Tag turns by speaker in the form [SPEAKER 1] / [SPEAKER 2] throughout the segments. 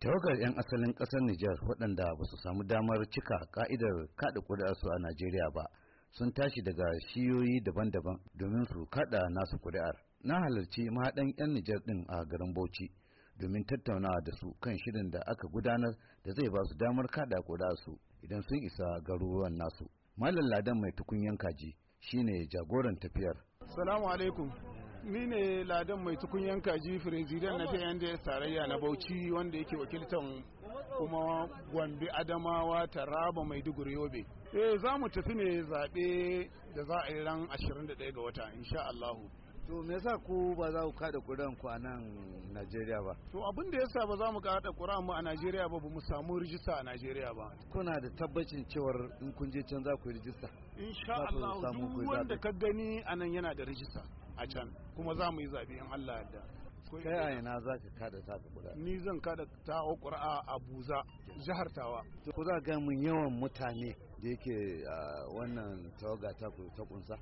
[SPEAKER 1] tawagar 'yan asalin ƙasar Nijar waɗanda ba su samu damar cika ka'idar kaɗa ƙuri'arsu a Najeriya ba sun tashi daga shiyoyi daban-daban domin su kaɗa nasu ƙuri'ar. Na halarci mahaɗan 'yan Nijar ɗin a garin Bauchi domin tattaunawa da su kan shirin da aka gudanar da zai ba su damar kaɗa ƙuri'arsu idan sun isa garuruwan nasu. Malam Ladan mai tukunyan kaji shine jagoran tafiyar.
[SPEAKER 2] Salamu alaikum. ni ne ladan mai tukunyan kaji firizidan na pnds tarayya na bauchi wanda yake wakiltan kuma gombe adamawa taraba maiduguri yobe eh za mu tafi ne zaɓe da za a yi ran 21 ga wata insha allahu to
[SPEAKER 1] me yasa ku ba za ku kada kuran ku a nan Najeriya
[SPEAKER 2] ba to abin da yasa ba za mu kada kuran mu a Najeriya ba mu samu rijista a Najeriya ba
[SPEAKER 1] kuna da tabbacin cewar in kun je can za ku yi rijista
[SPEAKER 2] insha Allah duk wanda ka gani a nan yana da rijista a can kuma za mu yi zaɓe in Allah yadda. kai a ina
[SPEAKER 1] za ka kada ta kuɗa
[SPEAKER 2] ni zan kada ta ƙura'a a buza jihar tawa
[SPEAKER 1] ku za ga mun yawan mutane da yake wannan tawaga ta kunsa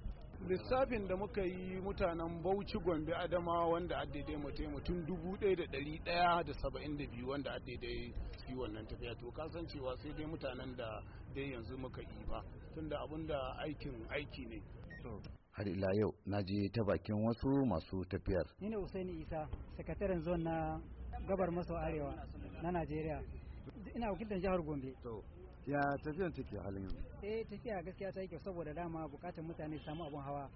[SPEAKER 2] lissafin da muka yi mutanen bauchi gombe adama wanda addaidai mutum mutum dubu ɗaya da ɗari ɗaya da saba'in da biyu wanda addaidai yi wannan tafiya to kasan cewa sai dai mutanen da dai yanzu muka yi ba tunda abin da aikin aiki ne
[SPEAKER 1] har ila yau na je ta bakin wasu masu tafiyar
[SPEAKER 3] ni ne usaini isa sakataren zon na gabar maso arewa na najeriya ina wakiltar jihar gombe
[SPEAKER 1] ya tafiyan take halin yau?
[SPEAKER 3] eh tafiya gaskiya ta yi kyau saboda dama bukatar mutane samu abun hawa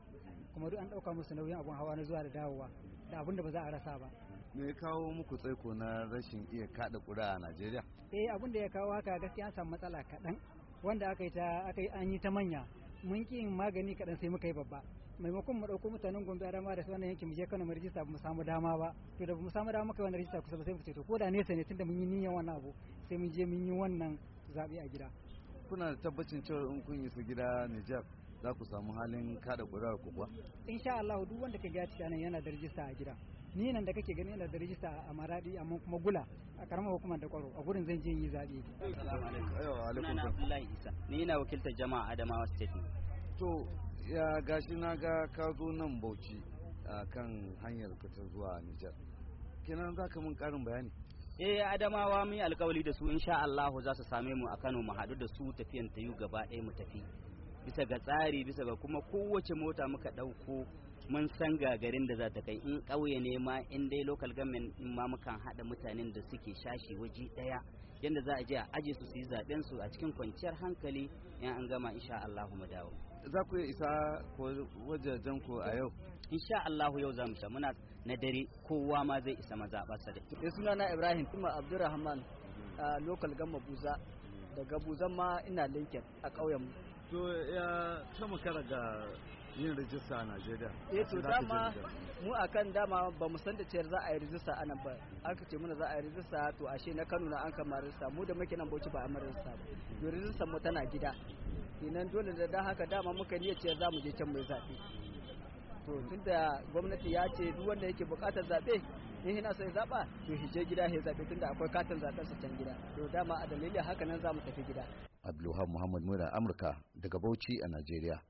[SPEAKER 3] kuma duk an dauka musu nauyin abun hawa na zuwa da dawowa da abin da ba za a rasa ba
[SPEAKER 1] me ya kawo muku tsaiko na rashin iya kada kura a Najeriya
[SPEAKER 3] eh abin da ya kawo haka gaskiya an samu matsala kaɗan wanda aka yi ta aka yi an yi ta manya mun ƙi yin magani kaɗan sai muka yi babba maimakon mu ɗauko mutanen gombe adama da wannan yankin mu je kano mu rijista mu samu dama ba to da mu samu dama muka yi wannan rijista kusa ba sai mu ce to ko da nesa ne tunda mun yi niyyar wannan abu sai mun je mun yi wannan zaɓe a gida
[SPEAKER 1] kuna da tabbacin cewa in kun yi su gida Nijar za ku samu halin kada kurar ku kuwa
[SPEAKER 3] sha Allah duk wanda ka ga nan yana da rijista a gida ni nan da kake gani yana da rijista a Maradi amma kuma Gula a karamar hukumar da kwaro a gurin zan je yi zabe
[SPEAKER 1] assalamu alaikum Abdullahi
[SPEAKER 4] Isa ni ina wakiltar jama'a
[SPEAKER 1] Adamawa State to ya gashi na ga ka zo nan Bauchi kan hanyar ta zuwa Nijar kenan za ka mun karin bayani
[SPEAKER 4] eh adamawa mun yi alƙawari da su insha Allah za su same mu a Kano mu haɗu da su tafiyan ta yu gaba ɗaya mu tafi bisa ga tsari bisa ga kuma kowace mota muka ɗauko mun san garin da za ta kai in ƙauye ne ma in dai local government ma mukan haɗa mutanen da suke shashi waje ɗaya yadda za a je a aje su su yi zaɓen su a cikin kwanciyar hankali in an gama insha Allah mu dawo
[SPEAKER 1] za ku iya isa ko wajajen ku a yau insha Allah yau
[SPEAKER 4] za mu sha muna na dare kowa ma zai isa mazaɓarsa da ke eh,
[SPEAKER 5] sunana Ibrahim kuma Abdulrahman mhm. local government Buza daga Buzan ma ina linkin a ƙauyen
[SPEAKER 1] to ya ta makara ga yin rijista a Najeriya. Eh to dama
[SPEAKER 5] mu akan dama ba mu san da cewa za a yi rijista a nan ba. Aka ce muna za a yi rijista to ashe na Kano na an kama rijista mu da muke nan Bauchi ba a rijista ba. To rijista mu tana gida. Inan dole da dan haka dama muka niyyar cewa za mu je can mai zaɓe. To tunda gwamnati ya ce duk wanda yake bukatar zaɓe in yana so ya zaba to hije gida ya zabe tunda akwai katin zaben sa can gida to dama a dalilin haka nan za mu tafi gida
[SPEAKER 1] Abdulhamid Muhammad Mura Amurka daga Bauchi a Najeriya